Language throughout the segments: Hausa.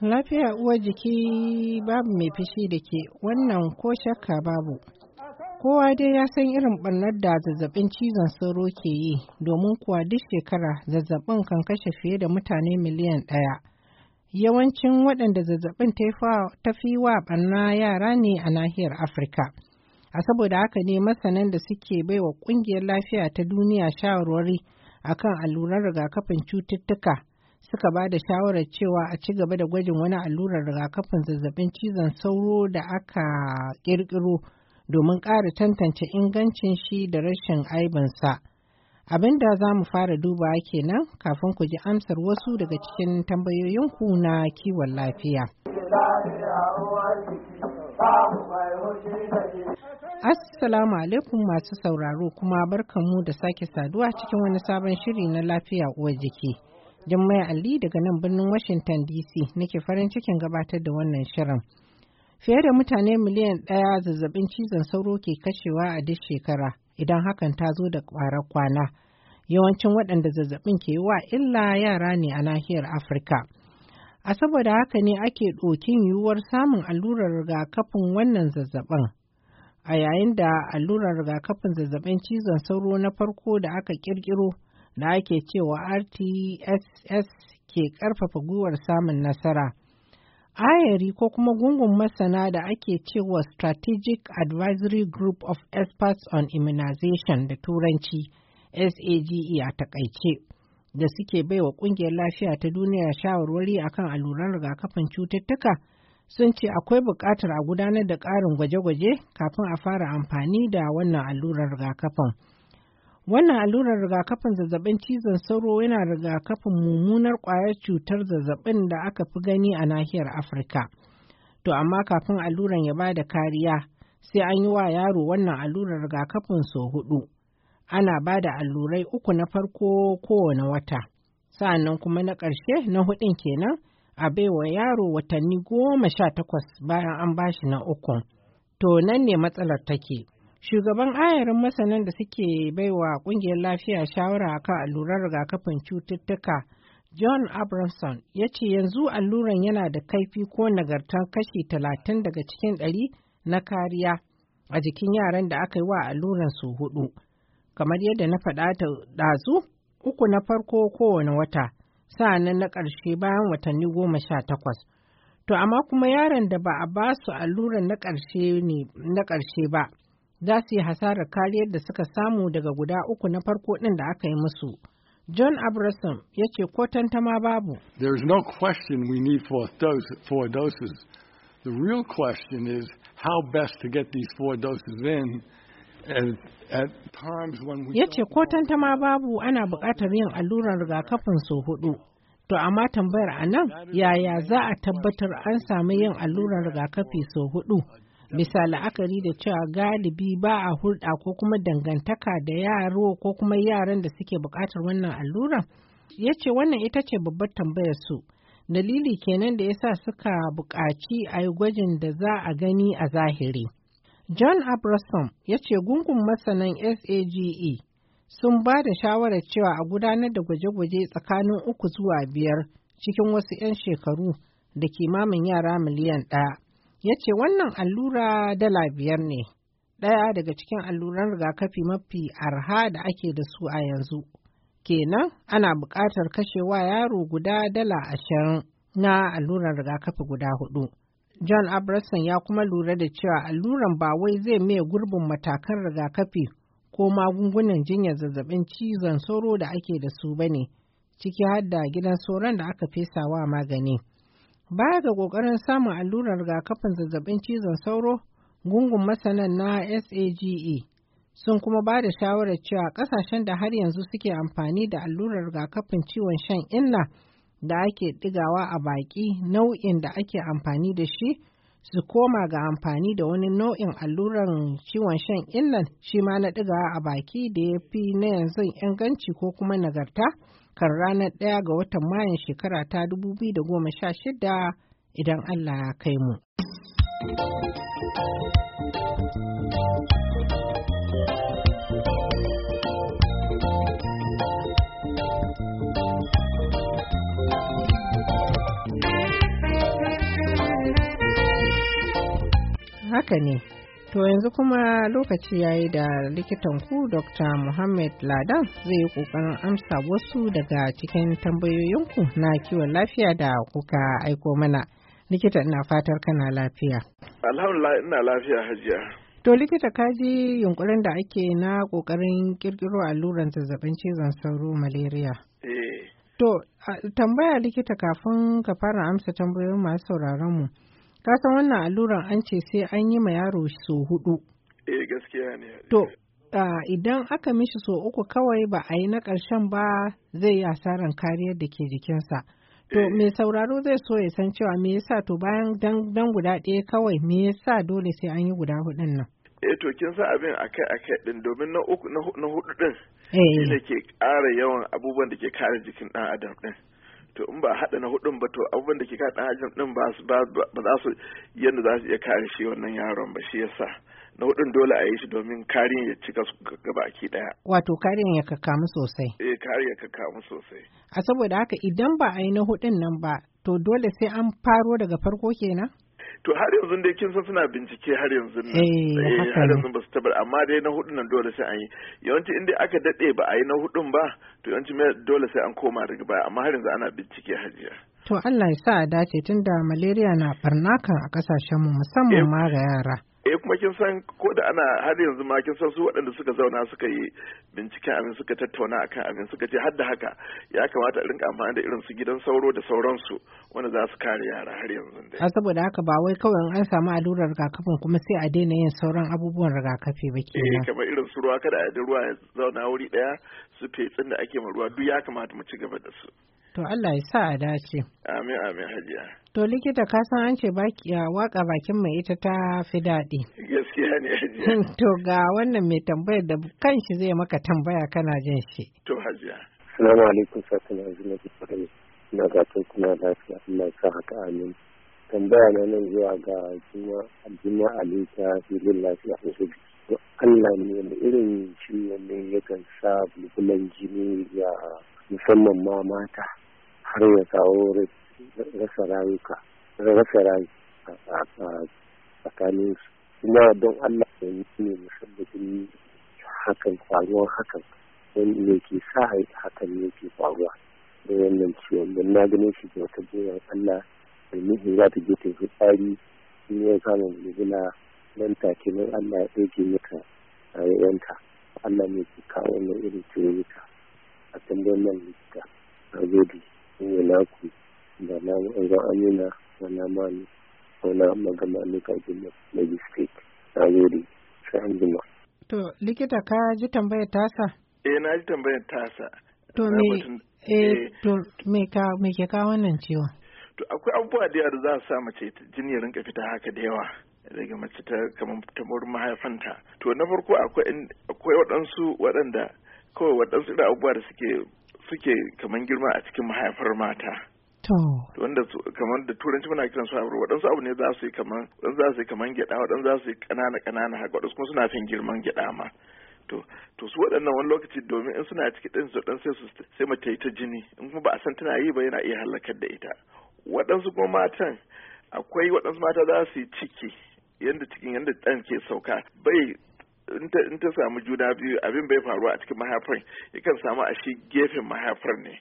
Lafiya uwar jiki babu mai fishi da ke wannan ko shakka babu. Kowa dai ya san irin ɓarnar da zazzabin cizon sauro ke yi domin kuwa duk shekara zazzabin kan kashe fiye da mutane miliyan ɗaya. Yawancin waɗanda zazzabin ta fi wa ɓarna yara ne a nahiyar Afirka. a saboda haka ne masanan da suke baiwa kungiyar lafiya ta duniya shawarwari akan allurar rigakafin cututtuka suka ba da shawarar cewa a ci gaba da gwajin wani allurar rigakafin zazzabin cizon sauro da aka kirkiro domin ƙara tantance ingancin shi da rashin aibinsa. Abin da za mu fara duba kenan kafin ku ji amsar wasu daga cikin tambayoyinku na kiwon lafiya. Assalamu alaikum masu sauraro kuma barka mu da sake saduwa cikin wani sabon shiri na lafiya uwar jiki. Jummai Ali daga nan birnin Washington DC nake farin cikin gabatar da wannan shirin. Fiye da mutane miliyan ɗaya zazzabin cizon sauro ke kashewa a duk shekara idan hakan ta zo da ƙwarar kwana. Yawancin waɗanda zazzabin ke wa illa yara ne a nahiyar Afirka. a saboda haka ne ake ɗokin yiwuwar samun allurar rigakafin wannan zazzabin. A yayin da allurar rigakafin zazzabin cizon sauro na farko da aka ƙirƙiro da ake cewa RTSS ke ƙarfafa gwiwar samun nasara. Ayari ko kuma gungun masana da ake cewa Strategic Advisory Group of Experts on Immunization da Turanci SAGE a e takaice. da suke baiwa kungiyar lafiya ta duniya shawarwari akan alluran rigakafin cututtuka sun ce akwai buƙatar a gudanar da ƙarin gwaje-gwaje kafin a fara amfani da wannan allurar rigakafin. Wannan allurar rigakafin zazzabin cizon sauro yana rigakafin mummunar ƙwayar cutar zazzabin da aka fi gani a nahiyar Afirka. To amma kafin alluran ya ba da kariya sai an yi wa yaro wannan allurar rigakafin sau hudu. ana ba da allurai uku na farko kowane wata sa'annan kuma na ƙarshe na hudun kenan a baiwa yaro watanni goma sha takwas bayan an bashi na ukun to nan ne matsalar take shugaban ayarin masanan da suke baiwa ƙungiyar lafiya shawara akan allurar rigakafin cututtuka john abramson ya ce yanzu alluran yana da kaifi ko nagartar kashi talatin daga cikin ɗari na kariya a jikin yaran da aka yi wa alluran su hudu. kamar yadda na faɗa ta ɗazu uku na farko kowane wata sa'annan na ƙarshe bayan watanni goma sha takwas. To amma kuma yaron da ba a ba su allurar na ƙarshe na ƙarshe ba za su yi hasarar kariyar da suka samu daga guda uku na farko ɗin da aka yi musu. John Abrasom ya ce ko tantama babu. There is no question we need four, dose, four doses. The real question is how best to get these four doses in Ya ce ko tantama babu ana buƙatar yin alluran rigakafin sau hudu. To amma tambayar a nan yaya za a tabbatar an sami yin alluran rigakafi sau hudu. Bisa la'akari da cewa galibi ba a hulɗa ko kuma dangantaka da yaro ko kuma yaran da suke buƙatar wannan alluran? Ya ce wannan ita ce babbar tambayar su. Dalili kenan da ya sa suka buƙaci a yi gwajin da za a gani a zahiri. John Abrasom ya ce gungun masanan SAGE sun ba da shawarar cewa a gudanar da gwaje-gwaje tsakanin uku zuwa biyar cikin wasu 'yan shekaru da kimamin yara miliyan ɗaya. Ya ce wannan allura dala biyar ne, ɗaya daga cikin alluran rigakafi mafi arha da ake da su a yanzu. Kenan ana buƙatar kashewa yaro guda dala ashirin na allurar rigakafi guda huɗu. John Abrasan ya kuma lura da cewa alluran ba wai zai maye gurbin matakan rigakafi ko magungunan jinyar zazzabin cizon sauro da ake da su ba ne, ciki har da gidan sauran da aka fesa wa magani. Baya ga ƙoƙarin samun alluran rigakafin zazzabin cizon sauro, gungun masanan na SAGE sun kuma ba da shawarar cewa ƙasashen da har yanzu suke amfani da allurar rigakafin ciwon shan inna da ake ɗigawa a baƙi nau'in da ake amfani da shi su koma ga amfani da wani nau'in alluran ciwon shan innan shi ma na ɗigawa a baki da ya fi na yanzu inganci ko kuma nagarta kan ranar ɗaya ga watan mayan shekara ta 2016 idan Allah ya kai mu. Thank you. haka ne. To yanzu kuma lokaci ya yi da likitan ku Dr. Muhammad Ladan zai yi ƙoƙarin amsa wasu daga cikin tambayoyinku na kiwon lafiya da kuka aiko mana. Likita ina fatar kana lafiya. Alhamdulillah ina lafiya hajiya. To likita kaji yunkurin da ake na ƙoƙarin ƙirƙiro alluran zazzabin cizon sauro malaria. Eh. To tambaya likita kafin ka fara amsa tambayoyin masu sauraron mu. kasan wannan alluran an ce sai an yi ma yaro so hudu. Eh gaskiya ne. To idan aka mishi so uku kawai ba a yi na ƙarshen ba zai yi asaran kariyar da ke jikinsa. To eh. me sauraro zai so ya san cewa me yasa to bayan dan guda ɗaya kawai me yasa dole sai an yi guda hudun nan. eh to kin san abin akai akai din domin na uku na hudu din ne ke ƙara yawan abubuwan da ke kare jikin dan adam ɗin. to in ba haɗa na hudun ba to abubuwan da ke ka kaɗa hajjin ɗin ba za su yadda za su iya kare shi wannan yaron ba shi yasa na hudun dole a yi shi domin kariyan ya cika su gabaki ɗaya. Wato kariyan ya kakkamu sosai. Eh kariyan ya kakkamu sosai. A saboda haka idan ba a yi na hudun nan ba to dole sai an faro daga farko kenan? to har yanzu dai kin san suna bincike har yanzu eh, eh, har yanzu ba su tabar amma dai na hudun nan dole sai an yi yawanci inda aka dade ba a yi na hudun ba to yawanci dole sai an koma daga baya amma har yanzu ana bincike hajiya to Allah ya sa a dace tunda malaria na barnaka a kasashen mu musamman eh, ma ga yara eh kuma kin san ko da ana har yanzu ma kin san su waɗanda suka zauna suka yi binciken abin suka tattauna akan abin suka ce har da haka ya kamata rinka amfani da irin su gidan sauro da sauransu wanda za su kare yara har yanzu dai har saboda haka ba wai kawai an samu allurar rigakafin kuma sai a daina yin sauran abubuwan rigakafi ba ke eh kamar irin su ruwa kada a yi ruwa ya zauna wuri daya su fetsin da ake ma ruwa duk ya kamata mu ci gaba da su To Allah ya sa a dace. Amin amin hajiya. To likita ka san an ce waka bakin mai ita ta fi daɗi. Gaskiya ne hajiya. to ga wannan mai tambayar da kanshi zai maka tambaya kana jin shi. To hajiya. Salamu alaikum sassan zina da tsari. Na gatan kuma lafiya Allah sa haka amin. Tambaya na nan zuwa ga Juma'a Ali ta filin lafiya a Allah ne da irin ciwon ne yakan sa bulbulan jini ya musamman ma mata har ya kawo rasa rayuka rasa rayuka tsakanin su kuma don Allah ya yi ne musabbatin hakan faruwar hakan wani ne ke sa hakan ke faruwa da wannan ciwon don na ganin shi da wata goyon Allah da nihin za ta je ta tsari. in ya samu gulgula nan take nan Allah ya ɗauke maka a yanka. Allah ne ke kawo wannan irin ciwon a tambayin nan likita a gode ne naku da na zan amina na mani na magana nuka gina magistrate na gode sai an jima. to likita ka ji tambayar tasa? eh na ji tambayar tasa. to me eh, eh to me ka me ke kawo wannan ciwon? to akwai abubuwa da yadda za a sa mace jini rinka fita haka da yawa daga mace ta kamar ta mahaifanta to na farko akwai waɗansu waɗanda kawai waɗansu da abubuwa da suke suke kamar girma a cikin mahaifar mata To. wanda kamar da turanci muna kiran su abu waɗansu abu ne za su yi kamar waɗansu za su yi kamar gyaɗa waɗansu za su yi ƙanana ƙanana haka waɗansu kuma suna fin girman gyaɗa ma to to su waɗannan wani lokaci domin in suna ciki ɗin su ɗan sai su sai mace yi ta jini in kuma ba a san tana yi ba yana iya halakar da ita waɗansu kuma matan akwai waɗansu mata za su yi ciki yadda cikin yadda ɗan ke sauka bai in ta samu juna biyu abin bai faru a cikin mahaifar yakan samu a shi gefen mahaifar ne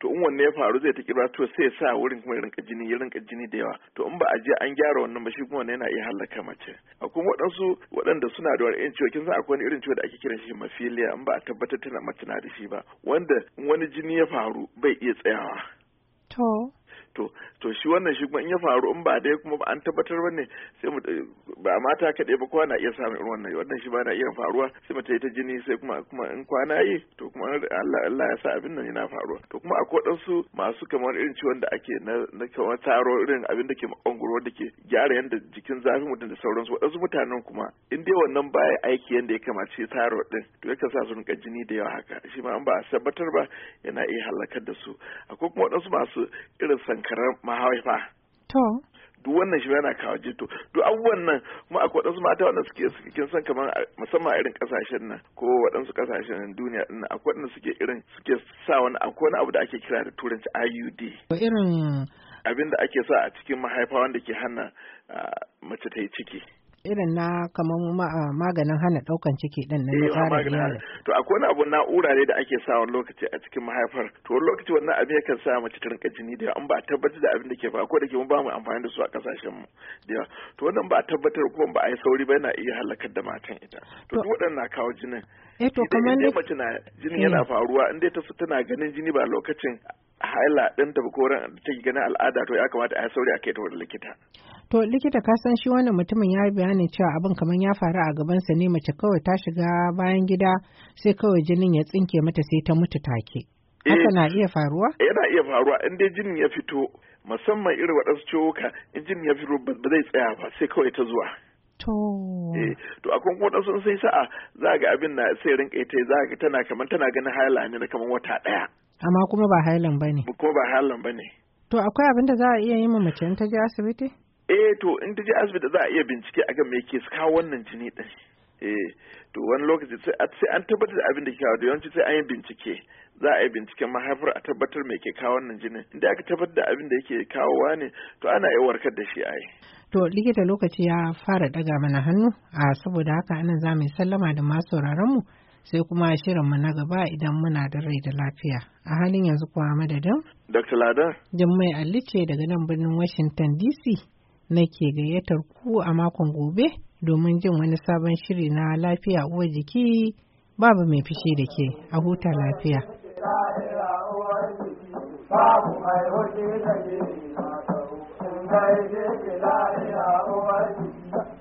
to in wanne ya faru zai ta kirba to sai sa wurin kuma rinka jini ya rinka jini da yawa to in ba a je an gyara wannan ba shi kuma wannan yana iya halaka mace akwai waɗansu waɗanda suna da wani irin ciwo kin san akwai wani irin ciwo da ake kiran shi mafiliya in ba a tabbatar tana mace na da shi ba wanda in wani jini ya faru bai iya tsayawa to to to shi wannan shi kuma in ya faru in ba dai kuma ba an tabbatar ba ne sai mu ba mata kaɗai ba kwana na iya samun irin wannan wannan shi ba na iya faruwa sai mata ta jini sai kuma kuma in kwana yi to kuma Allah Allah ya sa abin nan yana faruwa to kuma akwai su masu kamar irin ciwon da ake na na kamar taro irin abin da ke makongoro da ke gyara yadda jikin zafin mutum da sauransu waɗansu mutanen kuma in dai wannan baya aiki yadda ya kamace taro din to yakan sa su rinka jini da yawa haka shi ma an ba a tabbatar ba yana iya halakar da su akwai kuma waɗansu masu irin san Karar mahaifa to duk wannan shi yana kawo jito duk abubuwan nan kuma akwai waɗansu mata wanda suke kin san kamar musamman a irin kasashen nan ko waɗansu kasashen duniya din akwai waɗanda suke irin suke sa wani akwai wani abu da ake kira da turanci IUD Ko irin abin da ake sa a cikin mahaifa wanda ke hana mace ta yi ciki irin na kamar ah, maganin hana daukan ciki din na eh, tsarin iyali to akwai wani abu na'ura ne da ake sawa lokaci a cikin mahaifar to wani lokaci wannan abin yakan sa mace ta rinka jini da an ba tabbatar da abin da ke faruwa ko da ke mun ba mu amfani da su a kasashen mu da to wannan ba tabbatar kuma ba a yi sauri ba yana iya halakar da matan ita to duk na kawo jinin eh to kamar mace na jini eh. yana faruwa in dai ta tana ganin jini ba lokacin hala ɗin ba ko da ta ganin al'ada to ya kamata a yi sauri a kai ta wurin likita. To likita ka san shi wannan mutumin ya bayanin cewa abin kamar ya faru a gabansa ne mace kawai ta shiga bayan gida sai kawai jinin ya tsinke mata sai ta mutu take. Eh, Haka na iya faruwa? Yana iya faruwa in dai jinin ya fito musamman irin waɗansu ciwuka in jinin ya fito ba zai tsaya ba sai kawai ta zuwa. To. Eh, to akwai kuma sun sai sa'a za ga abin na sai rinka ita za ga tana kamar tana ganin hala ne na kamar wata ɗaya. Amma kuma ba hailan ba ne. Ko ba hailan ba ne. To akwai abin da za a iya yi ma mace in ta je asibiti? Eh to in ta je asibiti za a iya bincike a ga me ke kawo wannan jini din. Eh to wani lokaci sai an tabbatar da abin da ke kawo da yawanci sai an yi bincike. za a yi binciken mahaifar a tabbatar mai ke kawo wannan jinin inda aka tabbatar da abin da yake kawowa ne to ana yi warkar da shi a yi. to likita lokaci ya fara daga mana hannu a saboda haka anan za mu sallama da masu mu sai kuma shirinmu na gaba idan muna da rai da lafiya. A halin yanzu kuwa madadin? Dr. Ladan. Jummai Ali ce daga nan birnin Washington DC nake gayyatar ku a makon gobe domin jin wani sabon shiri na lafiya uwar jiki babu mai fice da ke a huta lafiya. Babu mai da